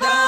да.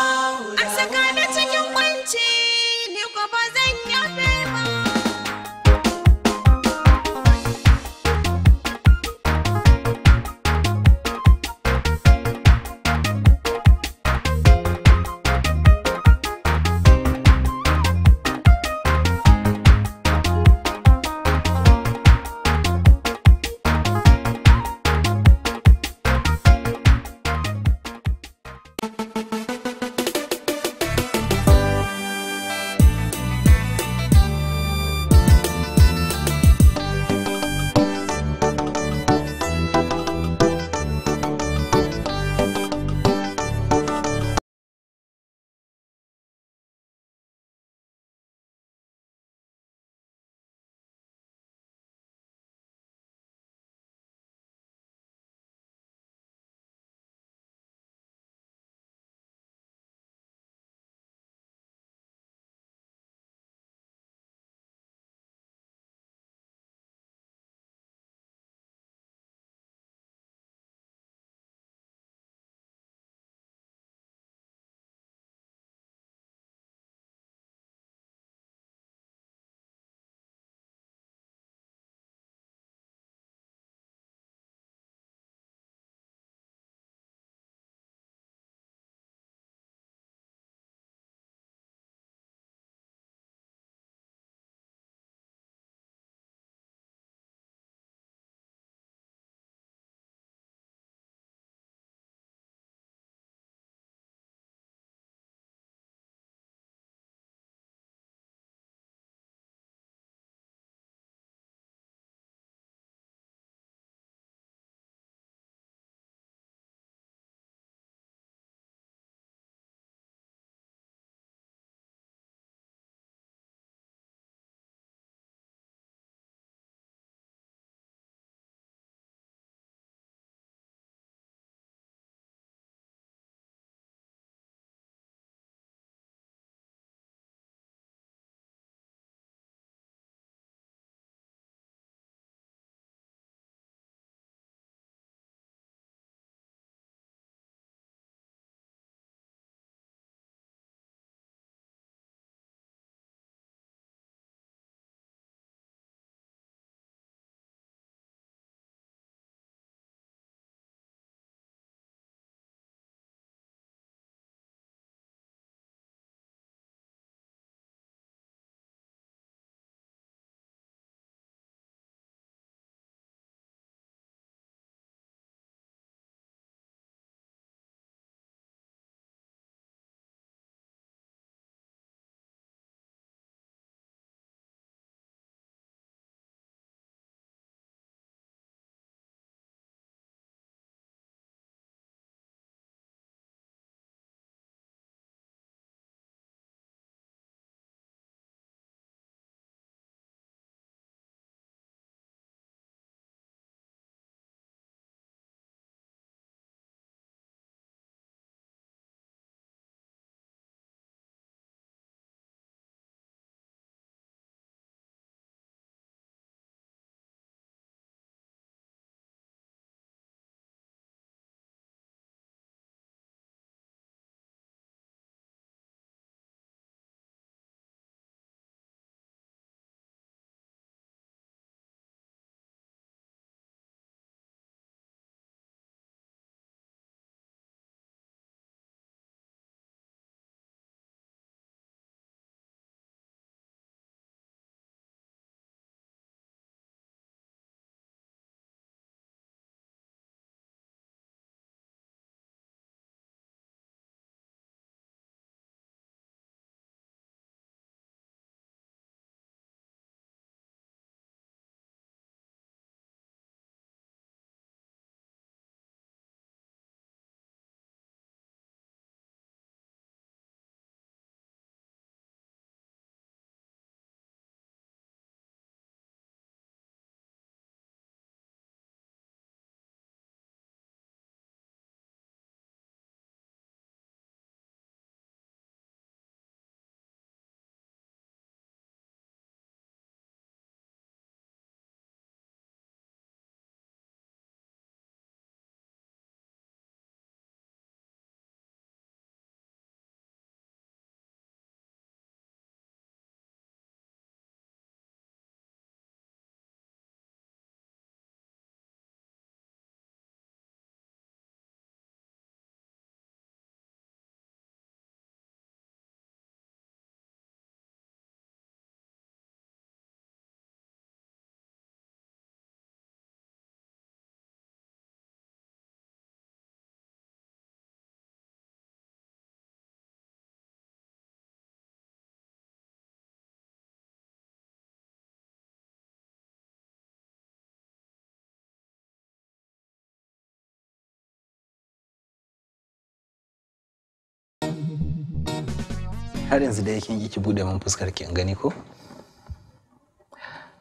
har yanzu da yake ki bude min fuskar ki gani ko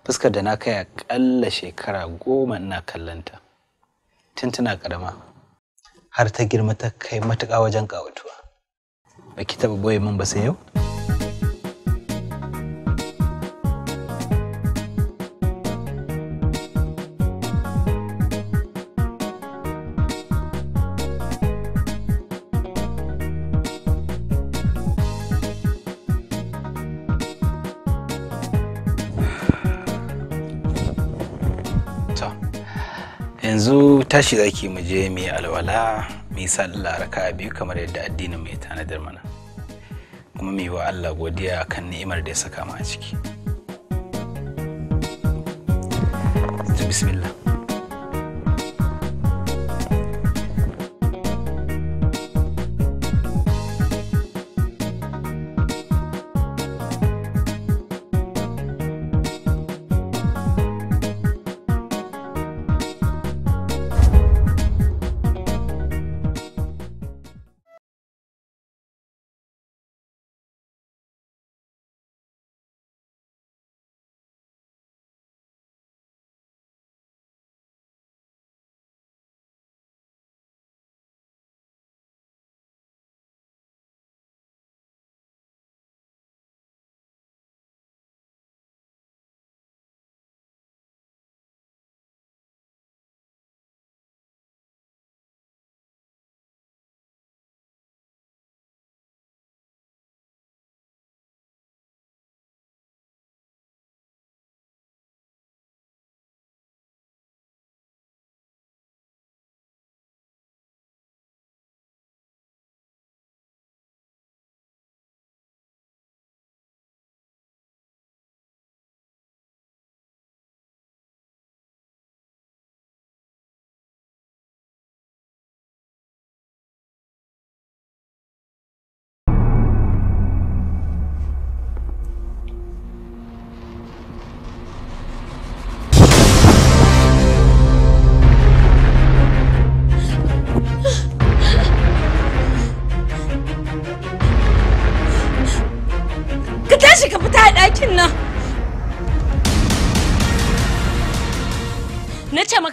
fuskar da na kai akalla shekara goma ina kallanta tun tana karama har ta girma ta kai matuƙa wajen ƙawatuwa ba ki taɓa boye min ba sai yau yanzu tashi zaki mu je mu yi alwala mu yi sallah raka biyu kamar yadda addinin mu ya tanadar mana kuma mu yi wa Allah godiya kan ni'imar da ya saka mu a ciki bismillah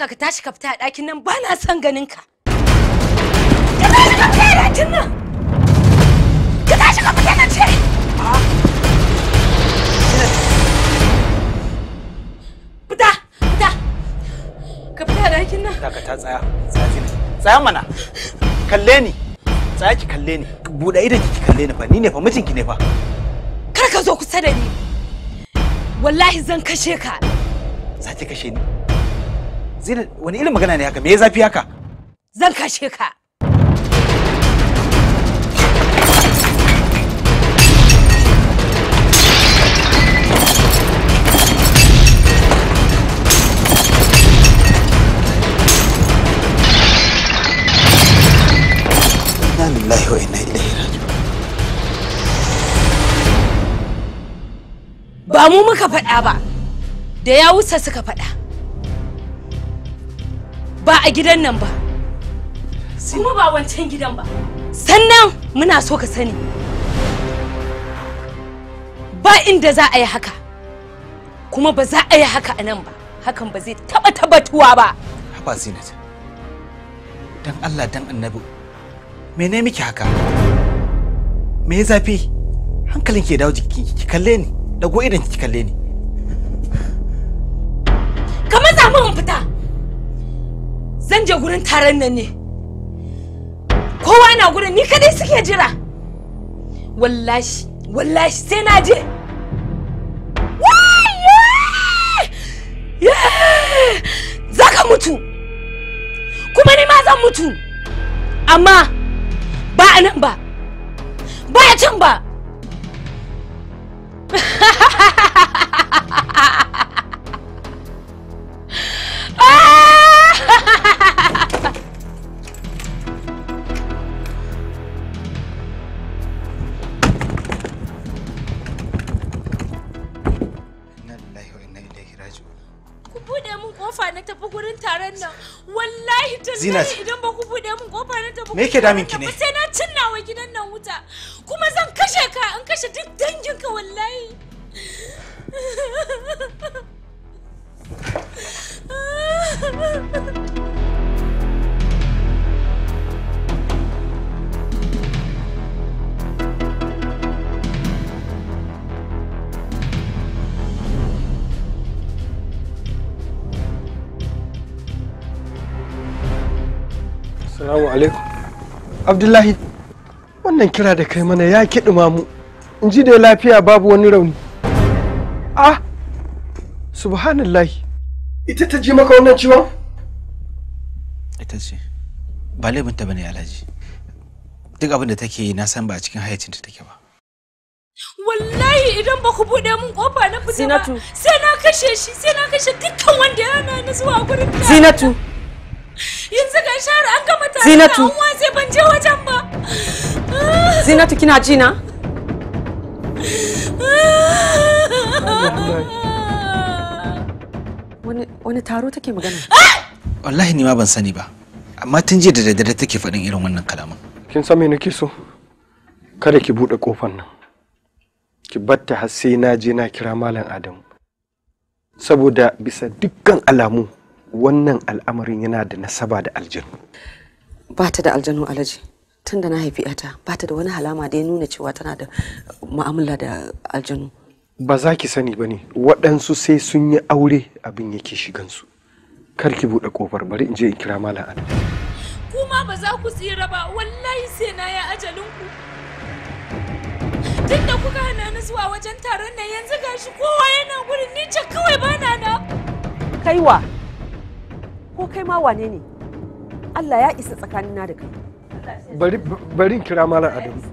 ka ka tashi ka fita a ɗakin nan ba na son ganin ka. Ka tashi ka fita a ɗakin nan! Ka tashi ka fita na ce! Fita! Fita! Ka fita a ɗakin nan! Ka ta tsaya, tsaya ki Tsaya mana! Kalle ni! Tsaya ki kalle ni! Buɗe idan ki kalle ni fa, ni ne fa mijinki ne fa. Kar ka zo kusa da ni! Wallahi zan kashe ka! Za ki kashe ni? Zainab wani irin magana ne haka me ya zafi haka? Zan kashe ka. wa ba mu muka faɗa ba da ya wusa suka faɗa ba a gidan nan ba kuma ba wancan gidan ba sannan muna so ka sani ba inda za a yi haka kuma ba za a yi haka a nan ba hakan ba zai taba tabbatuwa ba haba zinat dan allah dan annabi ne miki haka me ya zafi hankalin ke dawo jikin ki kalle ni dago idan ki kalle ni ka maza mun fita zan je gurin taron nan ne kowa yana gurin ni kadai suke jira wallahi wallahi sai na je za ka mutu kuma ni ma zan mutu amma ba a nan ba ba a can ba zinat na ta me yake damin ki ne sai Assalamu alaikum. Abdullahi, wannan kira da kai mana ya kiɗima mu. In ji da lafiya babu wani rauni. Ah, subhanallahi. Ita ta ji maka wannan ciwon? Ita ce. Ba laifinta bane Alhaji. Duk abin da take yi na san ba a cikin hayacinta take ba. wallahi idan ba ku buɗe mun kofa na fita ba sai na kashe shi sai na kashe dukkan wanda ya na zuwa gurin zinatu yanzu ga shara an gama tare zinatu an sai ban je wajen ba zinatu kina ji na wani wani taro take magana wallahi ni ma ban sani ba amma tun jiya da daddare take faɗin irin wannan kalaman kin san me nake so kada ki buɗe kofar nan ki batta har sai na je na kira malam adamu saboda bisa dukkan alamu wannan al'amarin yana da nasaba da aljanu ba ta da aljanu alaji tun da na haifi 'yata, ba ta da wani halama da ya nuna cewa tana da mu'amala da aljanu ba za ki sani ba ne waɗansu sai sun yi aure abin yake shigansu kar ki buɗe ƙofar bari in je in kira malam ana kuma ba za ku tsira ba wallahi sai na ya ajalinku tun da kuka hana ni zuwa wajen taron nan yanzu gashi kowa yana gurin ni ce kawai bana na kaiwa ko kai ma wane ne Allah ya isa tsakanina da kai bari bari kira mala Adamu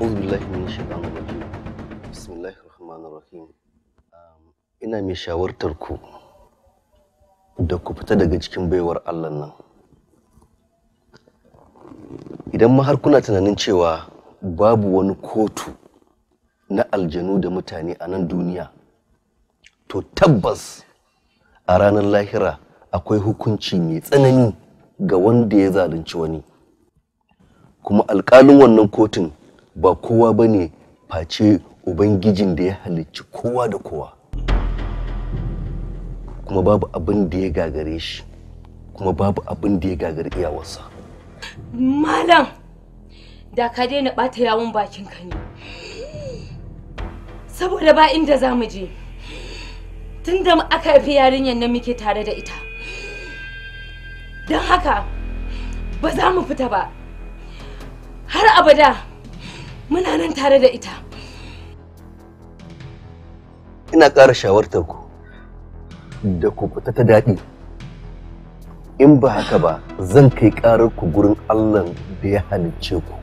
أعوذ بالله من الشيطان الرجيم بسم الله الرحمن الرحيم ina mai shawartar ku da ku fita daga cikin baiwar Allah nan idan ma har kuna tunanin cewa babu wani kotu na aljanu da mutane a nan duniya to tabbas a ranar lahira akwai hukunci mai tsanani ga wanda ya zalunci wani kuma alkalin wannan kotun ba kowa ba ne face ubangijin da ya halicci kowa da kowa kuma babu abin da ya gagare shi kuma babu abin da ya gagari iyawarsa malam da ka daina ɓata yawon bakinka ne saboda ba inda za mu je tun da aka haifi yarinyar nan muke tare da ita don haka ba za mu fita ba har abada muna nan tare da ita ina ƙara shawartar ku da ku fita ta daɗi in ba haka ba zan kai ƙarar ku gurin allah da ya halicce ku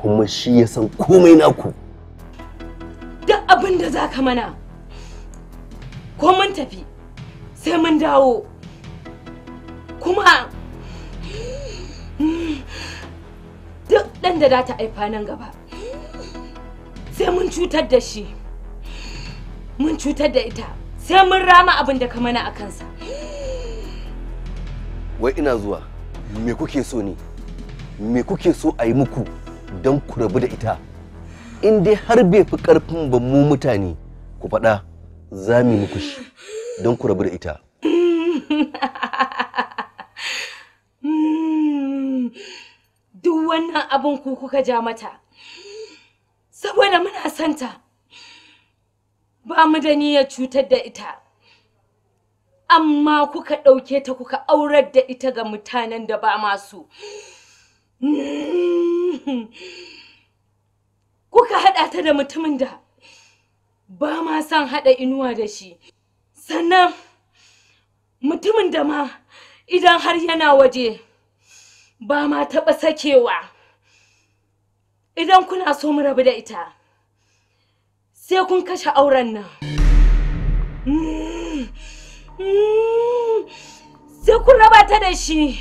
kuma shi ya san komai naku duk abin da za ka mana ko mun tafi sai mun dawo kuma duk ɗan da ta aifa nan gaba sai mun cutar da shi mun cutar da ita sai mun rama abin da ka mana a kansa wai ina zuwa me kuke so ne me kuke so a yi muku don ku rabu da ita in dai har bai fi karfin ba mu mutane ku faɗa za mu muku shi don ku rabu da ita duk wannan abin ku kuka ja mata saboda muna santa ba mu da niyyar cutar da ita amma kuka ɗauke ta kuka aurar da ita ga mutanen da ba masu kuka haɗa ta da mutumin da ba ma son haɗa inuwa da shi sannan mutumin da ma idan har yana waje ba ma taɓa sakewa idan kuna so mu rabu da ita sai kun kashe auren nan mm, mm, sai kun raba ta da shi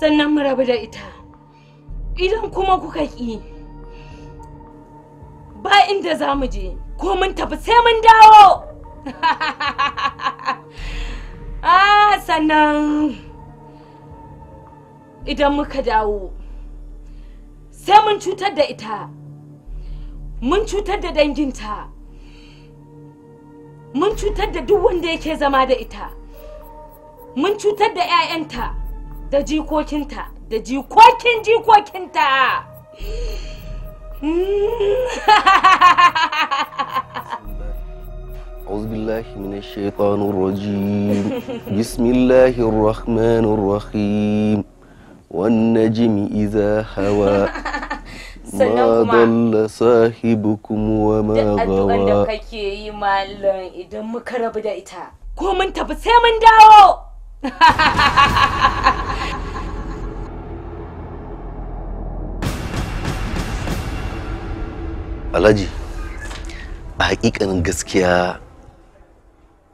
sannan mu rabu da ita idan kuma kuka ƙi ba inda za mu je ko mun tafi sai mun dawo ah sannan idan muka dawo sai mun cutar da ita mun cutar da danginta mun cutar da duk wanda yake zama da ita mun cutar da 'ya'yanta da jikokinta da jikokin jikokinta أعوذ بالله من الشيطان الرجيم بسم الله الرحمن الرحيم والنجم إذا هوى ma dalla sahibukum wa ma gawa da kake yi mallan idan muka rabu da ita ko mun tafi sai mun dawo alhaji a hakikanin gaskiya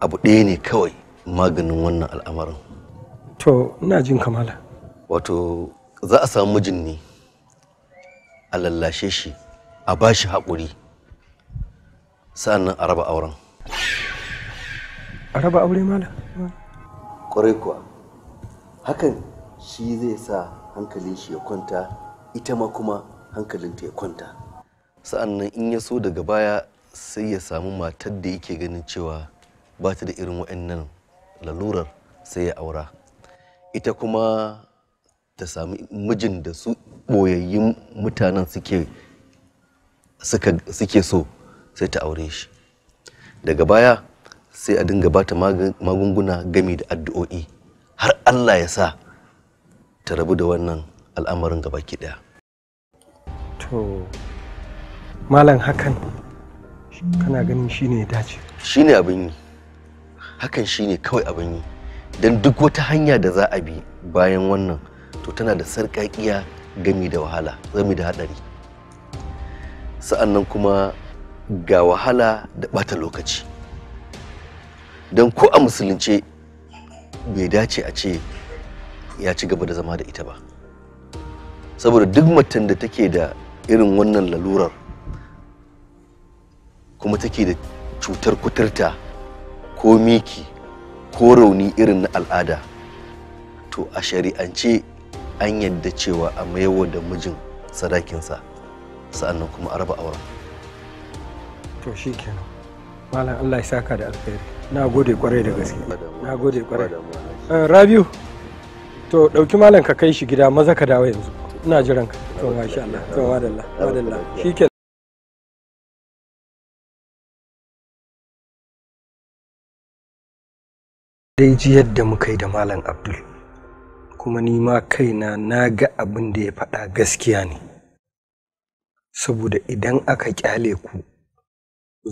abu ɗaya ne kawai maganin wannan al'amarin to ina jin kamala wato za a samu mijin ne a lallashe shi a ba shi haƙuri sa'annan a raba auren a raba aure mala ƙwarai kuwa hakan shi zai sa hankalin shi ya kwanta ita ma kuma hankalinta ya kwanta sa'annan in ya so daga baya sai ya samu matar da yake ganin cewa ba ta da irin wa'annan lalurar sai ya aura ita kuma ta sami mijin da su ɓoyayyun mutanen suke so sai ta aure shi daga baya sai a dinga bata magunguna gami da addu'o'i har Allah ya sa ta rabu da wannan al'amarin gabaki ki daya malam hakan kana ganin shine ya dace shine abin yi hakan shine kawai abin yi don duk wata hanya da za a bi bayan wannan to tana da sarƙaƙiya gami da wahala gami da haɗari sa'annan kuma ga wahala da ɓata lokaci don ko a musulunce bai dace a ce ya ci gaba da zama da ita ba saboda duk matan da take da irin wannan lalurar kuma take da cutar kuturta ko miki ko rauni irin na al'ada to a shari'ance an yadda cewa a maiwa da mijin sadakinsa sa'annan kuma a raba auren to shi kenan malam allah ya saka da alkhairi na gode kwarai da gaske na gode kwarai eh, rabiu to dauki malam ka kai shi gida maza ka dawo yanzu ina jiran ka to masha allah to madalla madalla shi dai ji yadda muka yi da malam abdul kuma ni ma kaina na ga abin da ya faɗa gaskiya ne saboda idan aka kyale ku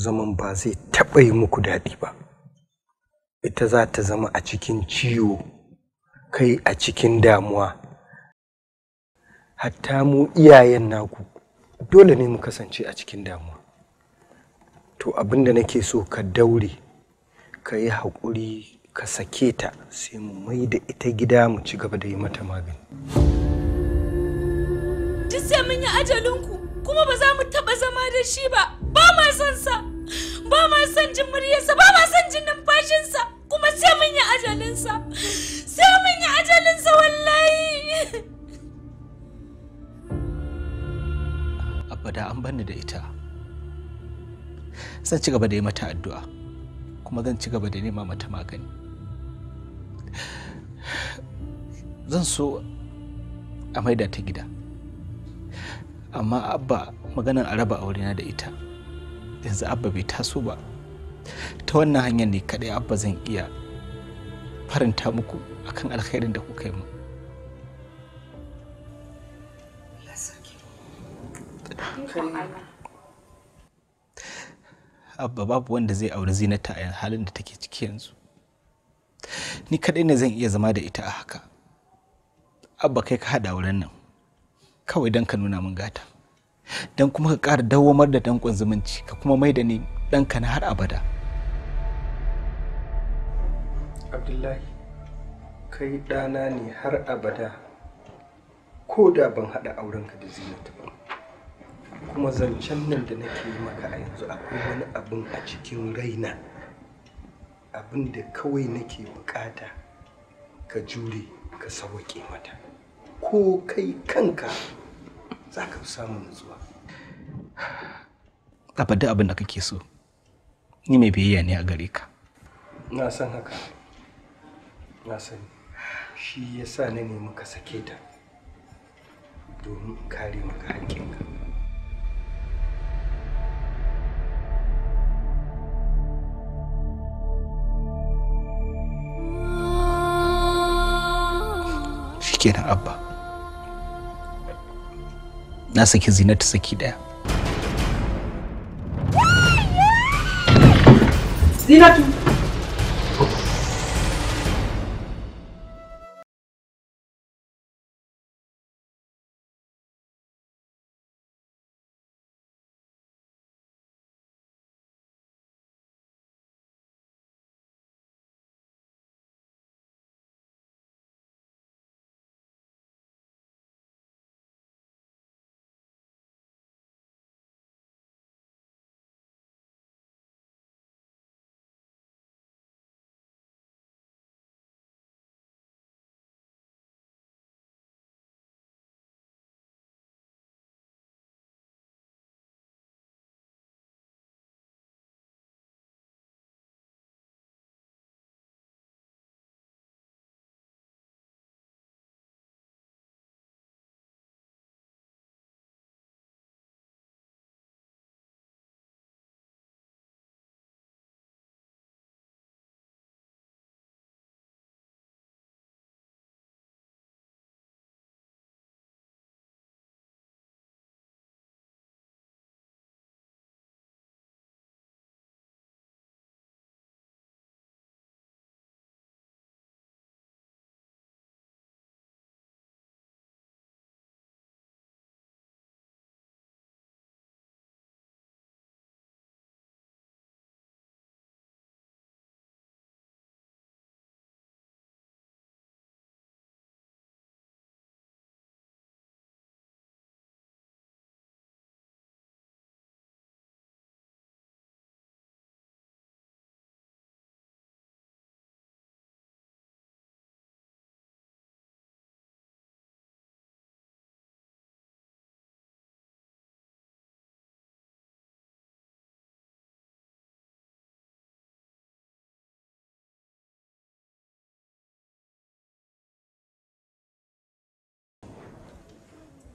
zaman ba zai taɓa yi muku daɗi ba ita za ta zama a cikin ciwo kai a cikin damuwa hatta mu iyayen naku dole ne mu kasance a cikin damuwa to abin da nake so ka daure ka yi haƙuri ka sake ta sai mu mai da ita gida mu ci gaba da yi mata magani. Duk sai mun yi ajalinku kuma ba za mu taba zama da shi ba, ba ma son sa, ba ma son jin muryarsa, ba ma son jin numfashinsa, kuma sai mun yi ajalinsa, sai mun yi ajalinsa wallahi. Abada an banni da ita. Zan ci gaba da yi mata addu'a, kuma zan ci gaba da nema mata magani. zan so a maida ta gida amma abba maganar a raba aurena da ita yanzu abba bai taso ba ta wannan hanyar ne kaɗai abba zan iya faranta muku akan alkhairin da kuka yi mu abba babu wanda zai auri zinata a halin da take ciki yanzu ni kaɗai ne zan iya zama da ita a haka abba kai ka haɗa wurin nan kawai don ka nuna min gata don kuma ka ƙara dawomar da danƙon zumunci ka kuma mai da ni ɗanka na har abada abdullahi kai ɗana ne har abada ko da ban haɗa aurenka da zinata ba kuma zancen nan da nake maka a yanzu akwai wani abin a cikin raina abin da kawai nake bukata ka jure ka sauke mata ko kai kanka za ka samu nutsuwa ka faɗi abin da kake so ni mai biyayya ne a gare ka na san haka na san shi yasa na nemi ka sake ta domin kare maka haƙƙinka kenan abba na saki zinatu saki daya zinatu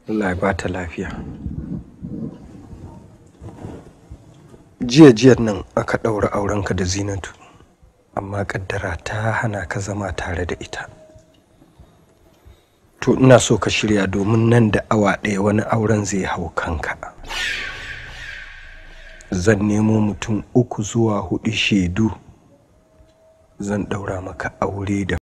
Allah ya bata lafiya. Jiya jiyar nan aka ɗaura aurenka da Zinatu, amma ƙaddara ta hana ka zama tare da ita. To ina so ka shirya domin nan da awa ɗaya wani auren zai hau kanka. Zan nemo mutum uku zuwa hudu shaidu zan ɗaura maka aure da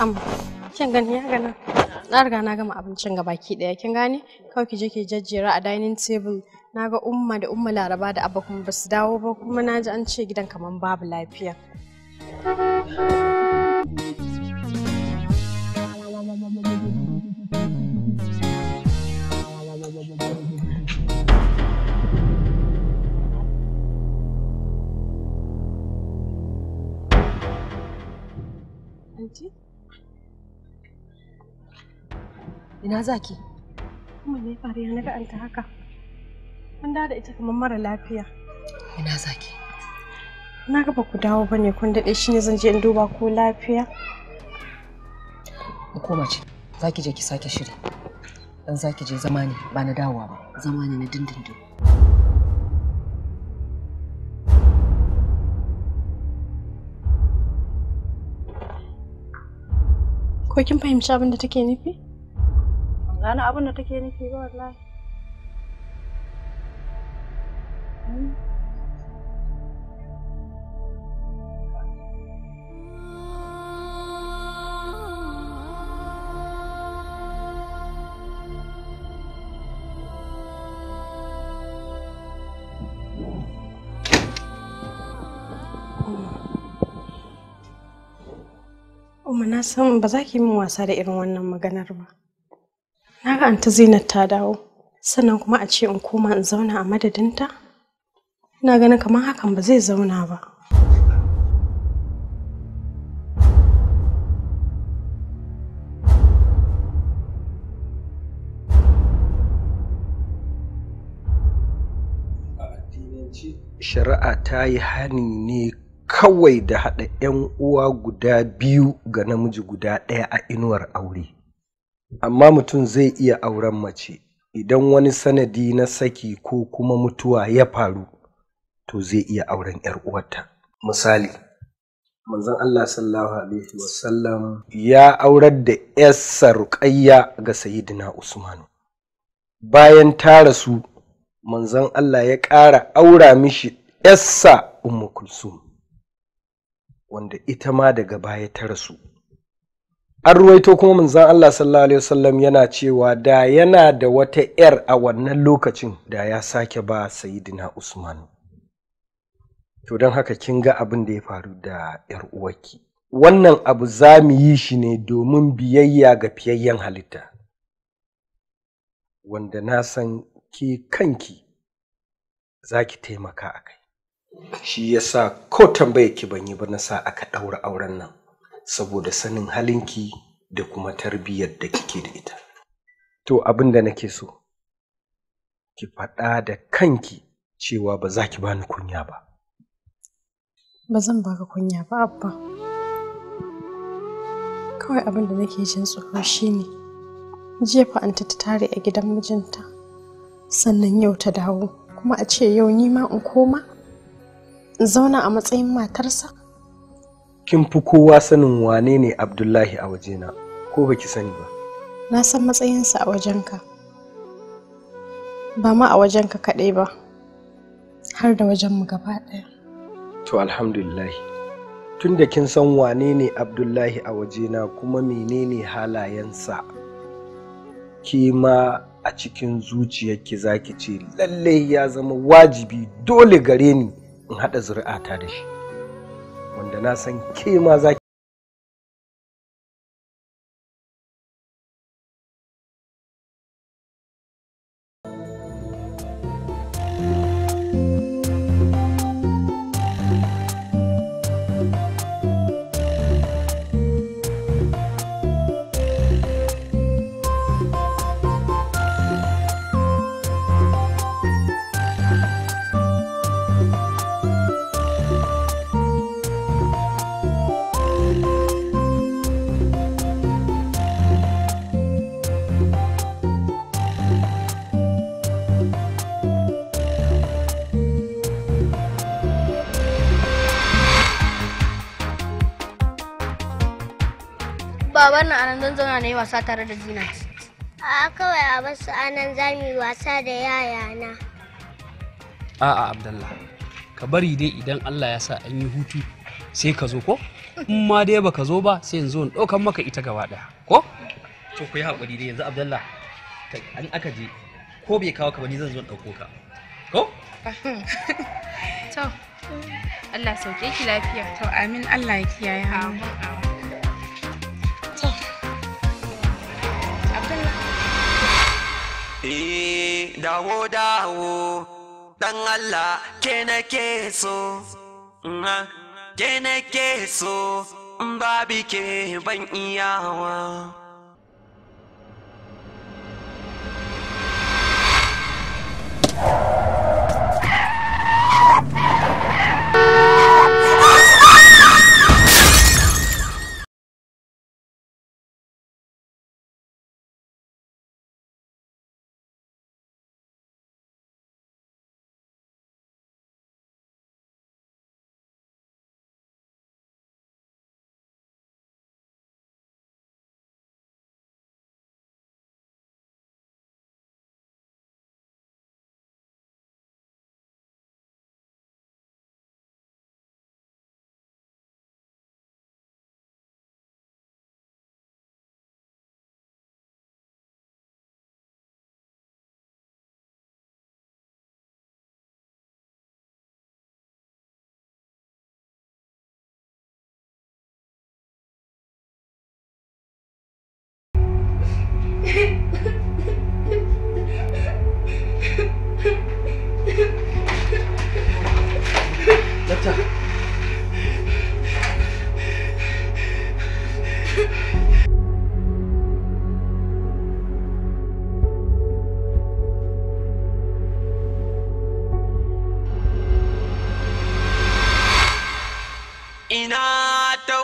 am kin gani ya gana na riga na gama abincin ga baki daya kin gane kawai ki je ki jajjera a dining table na ga umma da umma laraba da abba kuma basu dawo ba kuma na ji an ce gidan kaman babu lafiya anti? Ina ki. Kuma me faru ya ga anta haka? Mun da ita kamar mara lafiya. Ina za ki. Na ga ba ku dawo bane kun daɗe ne zan je in duba ko lafiya. Ku koma ce. ki je ki sake shiri. Dan ki je zama ne ba na dawowa ba. Zama ne na dindindin. Ko kin fahimci abin da take nufi? Ban gane abin da take nufi ba wallahi. Hmm? san ba za ki yi min wasa da irin wannan maganar ba. Na ga anta Zainab ta dawo, sannan kuma a ce in koma in zauna a madadinta? Ina ganin kamar hakan ba zai zauna ba. Shari'a ta yi hani ne kawai da haɗa 'yan uwa guda biyu ga namiji guda ɗaya a inuwar aure amma mutum zai iya auren mace idan wani sanadi na saki ko kuma mutuwa ya faru to zai iya auren 'yar uwarta misali manzon Allah sallallahu alaihi wasallam ya aurar da 'yarsa ruqayya ga sayyidina Usman bayan ta rasu manzon Allah ya ƙara aura mishi 'yarsa Ummu Kulsum wanda ita ma daga baya ta rasu an ruwaito kuma manzan Allah sallallahu alaihi wasallam yana cewa da yana da wata 'yar a wannan lokacin da ya sake ba sayidina Usman to don haka kin ga abin da ya faru da 'yar uwarki wannan abu za mu yi shi ne domin biyayya ga fiyayyen halitta wanda na san ki kanki za ki taimaka a kai shi yasa ko tambayar ban yi ba na sa aka ɗaura auren nan saboda sanin halin ki da kuma tarbiyyar da kike da ita to abin da nake so ki faɗa da kanki cewa ba za ki bani kunya ba ba zan baka kunya ba abba kawai abin da nake jin tsoro shine jefa anta ta tare a gidan mijinta sannan yau ta dawo kuma a ce yau ni ma in koma zauna a matsayin matarsa kin fi kowa sanin wane ne abdullahi a wajena ko baki sani ba na san matsayinsa a wajenka ba ma a wajenka kaɗai ba har da wajenmu gaba ɗaya to alhamdulillahi tun da kin san wane ne abdullahi a wajena kuma menene halayensa ki ma a cikin zuciyarki zaki ce lallai ya zama wajibi dole gare ni in haɗa zuri'ata da shi wanda na san ke ma za wasa tare da juna. a kawai a basu anan za mu yi wasa da yayana a'a abdallah ka bari dai idan allah ya sa an yi hutu sai ka zo ko in ma dai baka zo ba sai yanzu in ɗaukan maka ita gaba ɗaya ko to ku yi haƙuri dai yanzu abdallah an aka je ko bai kawo ka ba ni zan zo in ɗauko ka ko to Allah sauke ki lafiya to amin Allah ya kiyaye amin eh dawo dawo dan Allah ke nake so ke nake so ban iyawa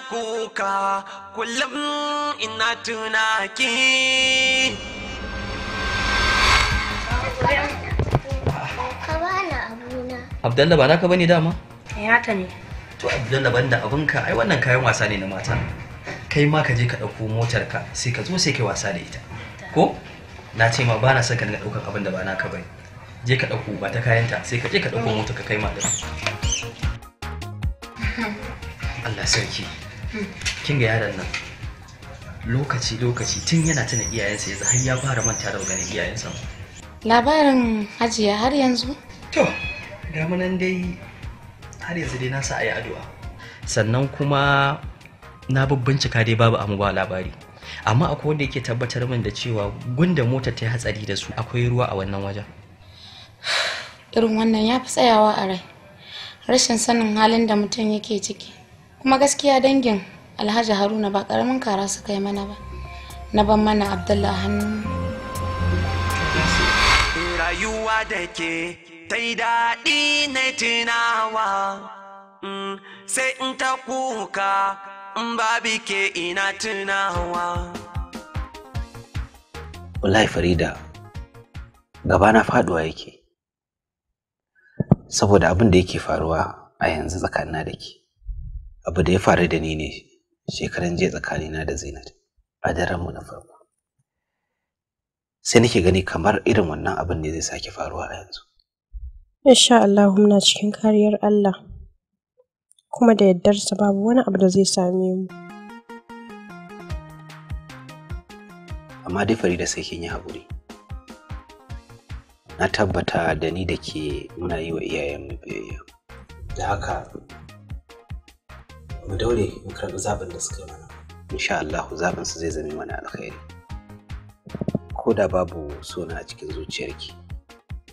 kuka kullum ina tunaki abdulla ba naka bane dama? Ya ta ne. To abdulla banda ka, ai wannan kayan wasa ne na mata. Kai ma ka je ka ɗauko motar ka sai ka zo sai kai wasa da ita. Ko? Na ce ma ba na son ka dinga ɗaukan abin da ba naka bane. Je ka ɗauko ba ta kayanta sai ka je ka ɗauko motar ka kai ma da. Allah sarki. kin ga yaron nan lokaci lokaci tun yana tuna iyayensa yanzu har ya fara manta da ganin iyayensa labarin hajiya har yanzu to ga nan dai har yanzu dai na sa ayi addu'a sannan kuma na bincika dai babu amu ba labari amma akwai wanda yake tabbatar min da cewa gunda mota ta yi hatsari da su akwai ruwa a wannan wajen irin wannan ya fi tsayawa a rai rashin sanin halin da mutum yake ciki kuma gaskiya dangin alhaji haruna ba karamin kara suka yi mana ba na ban mana abdullahi hannu rayuwa da ke ta yi daɗi na tunawa mm, sai in ta kuka in ba ke ina tunawa wallahi farida gaba na faduwa yake saboda abin da yake faruwa a yanzu tsakanina da ke abu da ya faru da ni ne shekaran jiya tsakanina da Zainat a daren mu na farko sai nake gani kamar irin wannan abin ne zai sake faruwa a yanzu insha Allah muna cikin kariyar Allah kuma da yardarsa babu wani abu da zai same mu amma dai Farida sai kin yi haƙuri na tabbata da ni da ke muna yi wa iyayenmu biyayya da haka mu daure mu karɓi zaɓin da suka yi mana insha allahu zaɓin su zai zame mana alkhairi ko da babu suna a cikin zuciyarki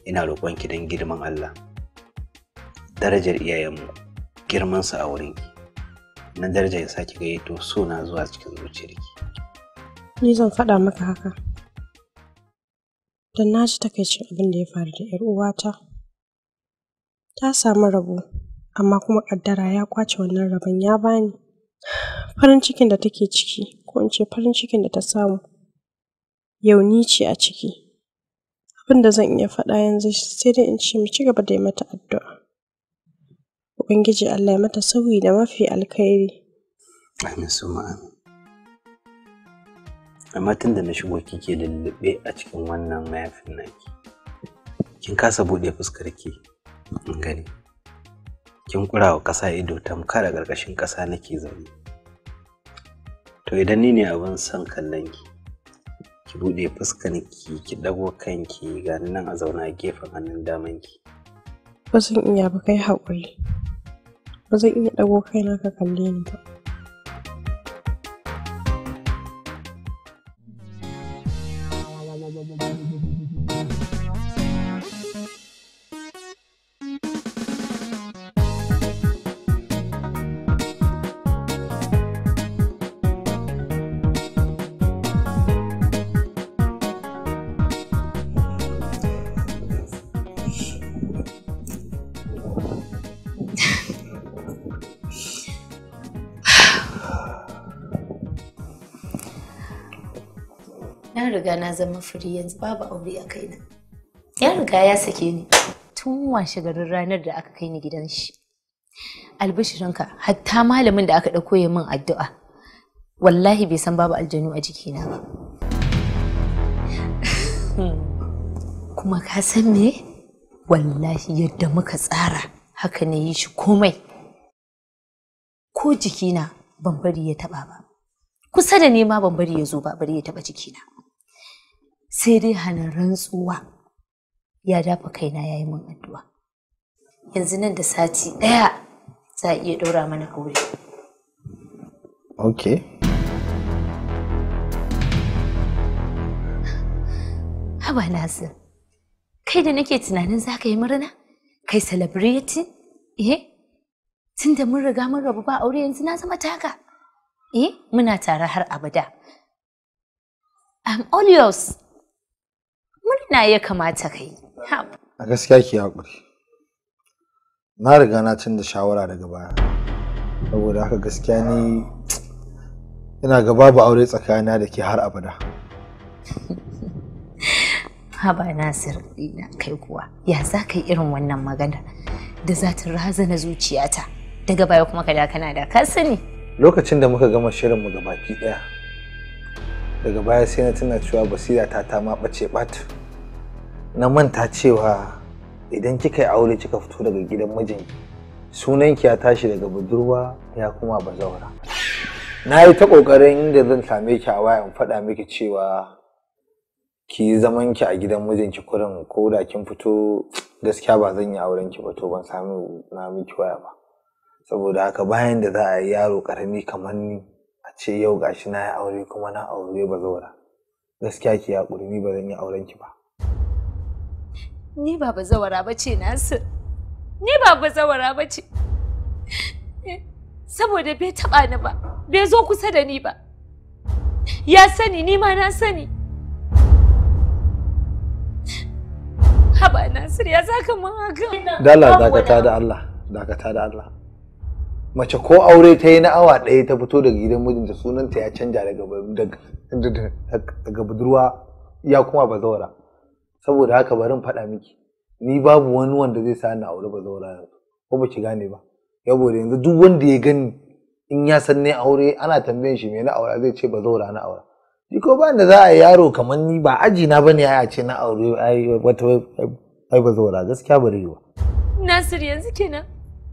ina roƙonki don girman Allah darajar iyayenmu girman su a wurinki na daraja ya sake gayyato suna zuwa cikin zuciyarki ni zan faɗa maka haka don na ji takaicin abin da ya faru da 'yar uwata ta samu rabo amma kuma kaddara ya kwace wannan rabon ya bani. Farin cikin da take ciki, ko in ce farin cikin da ta samu, Yauni ce a ciki. Abin da zan iya faɗa yanzu sai dai in ce mu ci gaba da yi mata addu'a. Ubangiji Allah ya mata sauyi da mafi alkhairi. Amin suma amin. Amma tun da na shigo kike lullube a cikin wannan mayafin naki, kin kasa buɗe fuskar ki in gani. kin kura wa ƙasa ido tamkar a ƙarƙashin ƙasa nake zaune to idan ni ne abin son kallon ki ki buɗe fuskanki ki ɗago kanki ga nan a zauna a gefen hannun daman ki ba zan iya ba kai haƙuri ba zan iya ɗago kaina ka kalle ni ba riga na zama firi yanzu babu aure a kaina ya riga ya sake ni tun washe garin ranar da aka kai ni gidan shi albishirinka hatta malamin da aka ɗauko ya min addu'a wallahi bai san babu aljanu a jikina ba kuma ka san me wallahi yadda muka tsara haka na yi shi komai ko jikina ban bari ya taba ba kusa da nema ban bari ya zo ba bari ya taba jikina sai dai hana rantsuwa ya dafa kaina ya yi min addu'a yanzu nan da sati ɗaya za a iya ɗora mana aure Okay. haba nasir kai da nake tunanin za ka yi murna kai celebrity eh tun da mun riga mun rabu ba aure yanzu na zama taka eh muna tare har abada I'm all yours. na ya kamata ka yi. A gaskiya ki haƙuri. Na riga na canza shawara daga baya. Saboda haka gaskiya ni ina ga babu aure tsakanina da ke har abada. Haba Nasir na kai kuwa ya za ka yi irin wannan magana da za ta razana zuciyata daga baya kuma ka kana da ka sani. Lokacin da muka gama shirin mu baki daya daga baya sai na tuna cewa basira ta ta ma ɓace bat na manta cewa idan kika yi aure kika fito daga gidan mijinki sunanki ya tashi daga budurwa ya kuma bazawara na yi ta ƙoƙarin inda zan same ki a waya in faɗa miki cewa ki yi zaman ki a gidan mijinki kurin ko da kin fito gaskiya ba zan yi auren ki ba to ban sami na miki waya ba saboda haka bayan da za a yi yaro karami kamar ni a ce yau gashi na yi aure kuma na aure ba gaskiya ki ya ƙurmi ba zan yi auren ki ba Ni ba bazawara ba ce Nasir. Ni ba bazawara ba ce. Saboda bai taɓa ni ba, bai zo kusa da ni ba. Ya sani, ni ma na sani. Haba Nasir, ya zaka mun haka. Dala dakata da Allah, dakata da Allah. Mace ko aure ta yi na awa ɗaya ta fito daga gidan mijinta sunanta ya canja daga budurwa ya kuma bazawara. saboda haka barin faɗa miki ni babu wani wanda zai sa na aure ba zaura yanzu ko ba ki gane ba da yanzu duk wanda ya gani in ya san ne aure ana tambayan shi me na aura zai ce ba zaura na aura ni ko ba za a yi yaro kamar ni ba aji na bane a ce na aure ai wata ai ba zaura gaskiya ba rewa Nasir yanzu kenan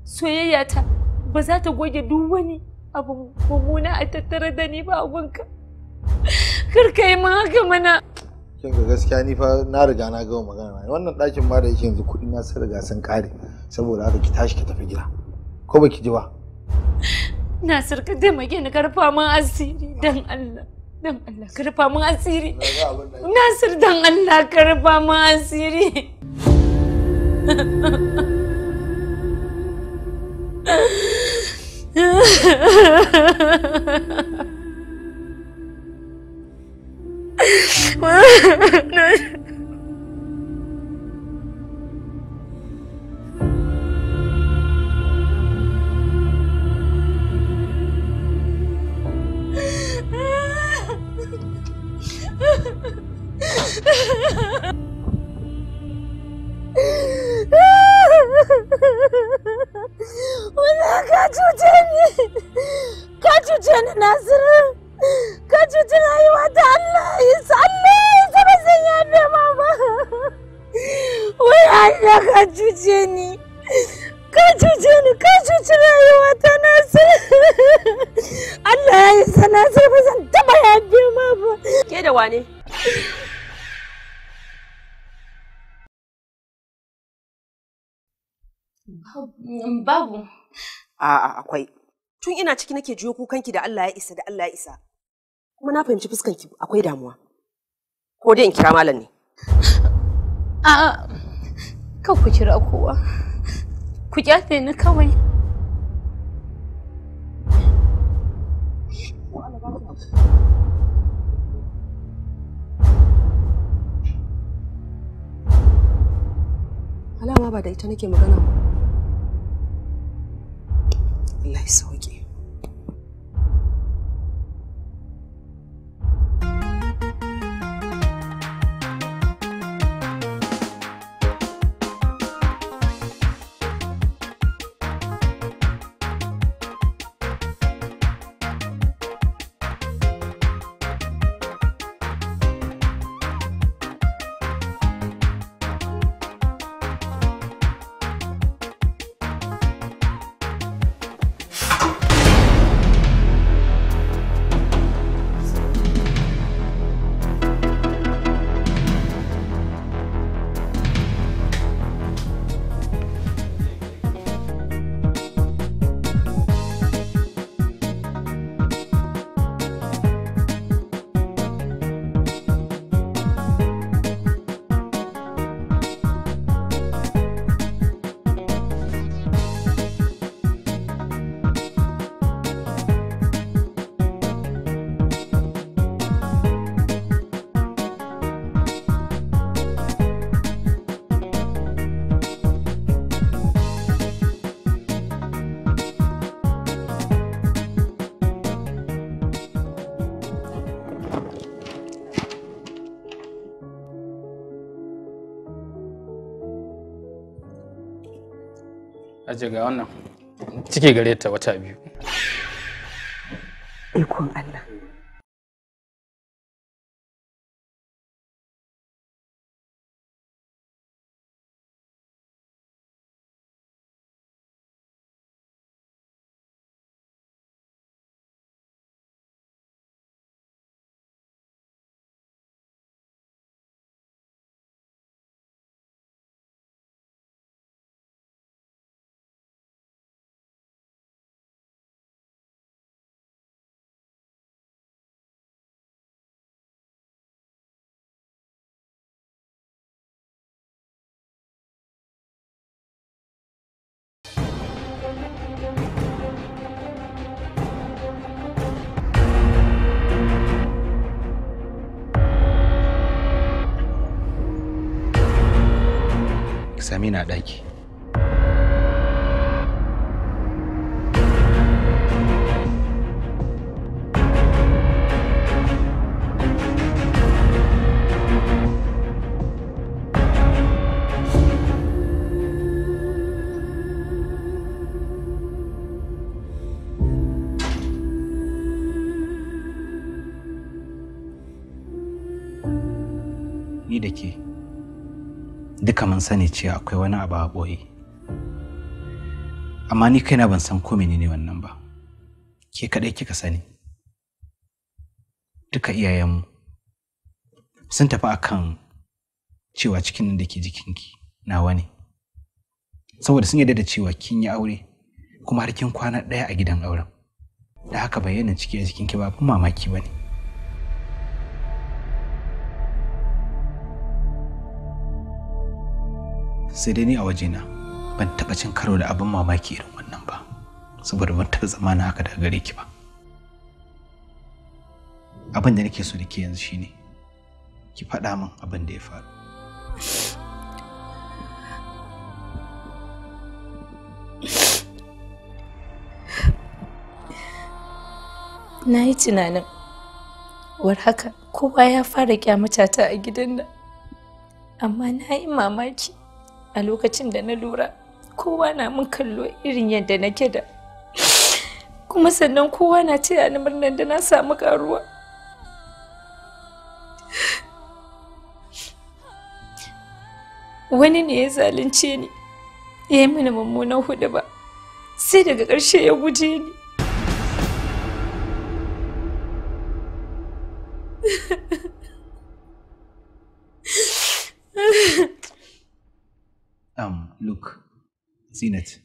soyayya ta ba za ta goge duk wani abu mummuna a tattare da ni ba a kar ka yi haka mana kin ga gaskiya ni fa na riga na gama magana na wannan ɗakin ma da yake yanzu kuɗi na sun riga sun kare saboda haka ki tashi ki tafi gida ko baki ji ba na sarka mage ni karfa mun asiri dan Allah dan Allah karfa mun asiri Nasir dan Allah karfa mun asiri Ha ha ha ha ha ha! no. ce ba zan taba yaje ma ba. Ke da wane? Babu. A'a akwai. Tun ina ciki nake jiyo kukanki da Allah ya isa da Allah ya isa. Kuma na fahimci fuskanki akwai damuwa. Ko dai in kira malam ne. A'a. Kan ku kira kowa. Ku kyale ni kawai. Alama ba da ita nake magana ba. Allah ya ga wannan ciki gare ta wata biyu ikon Sami na a ɗaki duka mun sani cewa akwai wani abu a ɓoye amma ni kaina ban san ko menene wannan ba ke kaɗai kika sani duka iyayenmu sun tafi akan cewa cikin da ke jikinki nawa ne saboda sun yarda da cewa kin yi aure kuma har kin kwana ɗaya a gidan auren da haka bayyana ciki a jikinki ba abin mamaki ba ne sai dai ni a waje na ban taba cin karo da abin mamaki irin wannan ba saboda ban taɓa zamana haka daga gare ki ba abin da nake so da ke yanzu shine ki faɗa min abin da ya faru na yi tunanin war haka kowa ya fara kyamata ta a gidan nan amma na yi mamaki a lokacin da na lura kowa na mun kallo irin yadda nake da kuma sannan kowa na ce ni murnar da na samu karuwa wani ne ya zalunce ni ya yi mini mummunan hudu ba sai daga ƙarshe ya guje ni Zinat,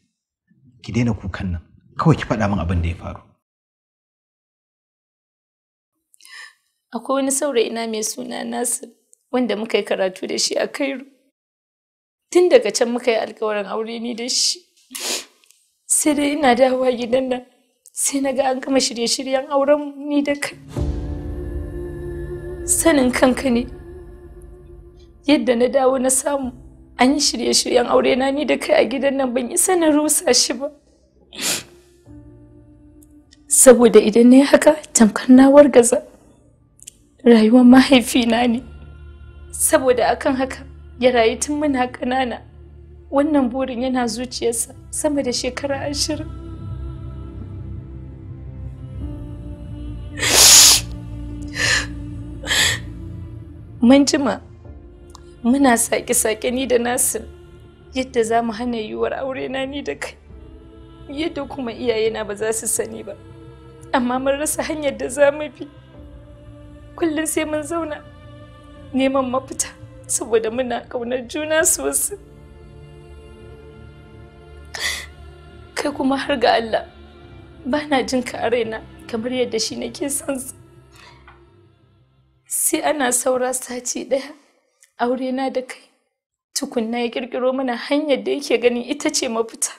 ki daina kukan nan, kawai ki faɗa min abin da ya faru. Akwai wani saurayina mai suna nasu wanda muka yi karatu da shi a Cairo. Tun daga can muka yi alkawarin aure ni da shi. Sai dai ina dawowa gidan nan sai na ga an gama shirye-shiryen auren ni da kai. Sanin kanka ne yadda na dawo na samu. an yi shirye-shiryen aure na ni da kai a gidan nan ban isa na rusa shi ba saboda idan na yi haka tamkar na wargaza rayuwar mahaifina ne saboda akan haka ya rayu tun muna ƙanana wannan burin yana zuciyarsa sama da shekara ashirin mun jima muna saƙe sake ni da Nasir yadda za mu hana yiwuwar aure na ni da kai yadda kuma iyayena ba za su sani ba amma mun rasa hanyar da za mu bi kullum sai mun zauna neman mafita saboda muna ƙaunar juna sosai kai kuma har ga Allah ba na jin ka a raina kamar yadda shi nake son sai ana saura sati ɗaya aure na da kai tukunna ya kirkiro mana hanyar da yake gani ita ce mafita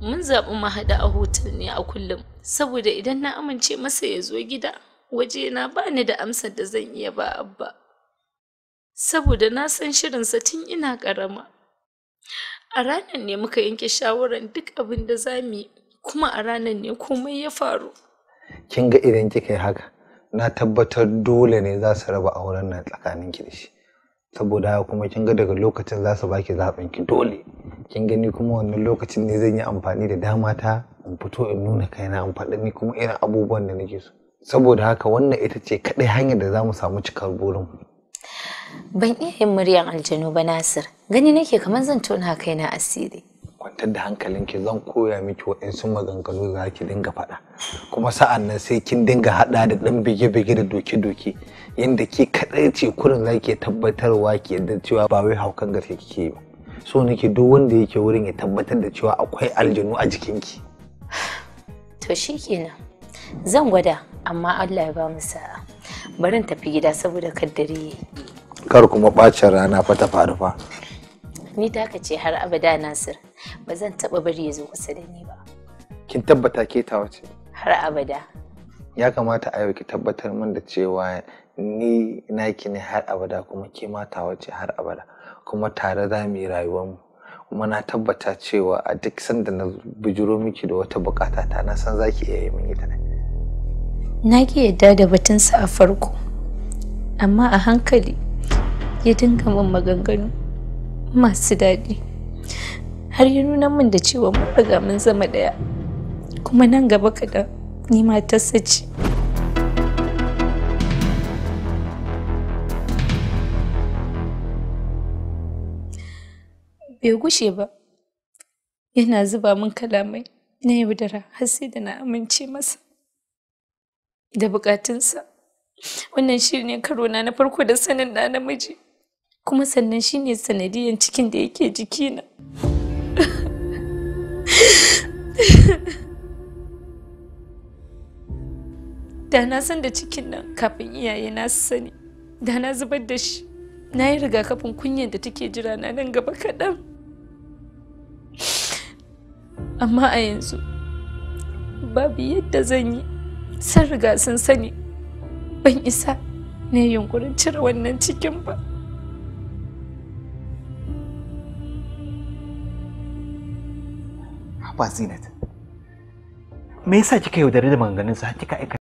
mun zaɓi mu haɗu a hotel ne a kullum saboda idan na amince masa ya zo gida wajena ba ni da amsar da zan iya ba abba saboda na san shirinsa tun ina ƙarama a ranar ne muka yanke shawarar duk abin da za mu yi kuma a ranar ne komai ya faru kin ga idan kika yi haka na tabbatar dole ne za su raba auren nan tsakanin ki da shi saboda haka kuma kin ga daga lokacin za su baki zaben ki dole kin gani kuma wannan lokacin ne zan yi amfani da dama ta in fito in nuna kaina in ni kuma irin abubuwan da nake so saboda haka wannan ita ce kaɗai hanyar da za mu samu cikar burin ban iya yin muryan aljanu ba nasir gani nake kamar zan tona kaina asiri kwantar da hankalinki zan koya miki waɗansu maganganu za ki dinga faɗa kuma sa'an nan sai kin dinga haɗa da ɗan bige-bige da doke-doke yadda ki kaɗai ce kurin za ki tabbatarwa ki yadda cewa ba wai haukan gaske kike yi ba so nake duk wanda yake wurin ya tabbatar da cewa akwai aljanu a jikinki to shi kenan zan gwada amma Allah ya ba mu sa'a bari tafi gida saboda kaddare kar kuma ɓacin rana fa ta faru fa ni taka ce har abada Nasir ba zan taɓa bari ya zo kusa da ni ba. Kin tabbata ke ta wace? Har abada. Ya kamata a yau ki tabbatar min da cewa ni naki ne har abada kuma ke ma ta wace har abada kuma tare za mu yi rayuwar mu Kuma na tabbata cewa a duk sanda na bijiro miki da wata bukata ta na san za ki iya yi min ita ne. Na ki yadda da batunsa a farko, amma a hankali ya dinga min maganganu. masu daɗi har ya nuna min da cewa mun riga mun zama ɗaya kuma nan gaba kaɗan ni ma ta sace. bai gushe ba yana zuba min kalamai na yaudara har sai da na amince masa da bukatunsa wannan shi ne karo na farko da sanin da namiji kuma sannan shine sanadiyan cikin da yake jikina da na san da cikin nan kafin iyaye na su sani da na zubar da shi na yi rigakafin kunyan da take jira na nan gaba kaɗan amma a yanzu babu yadda zan yi san riga sun sani ban isa na yunkurin cire wannan cikin ba ba zinat me yasa kika yaudare da maganganun sa kika aika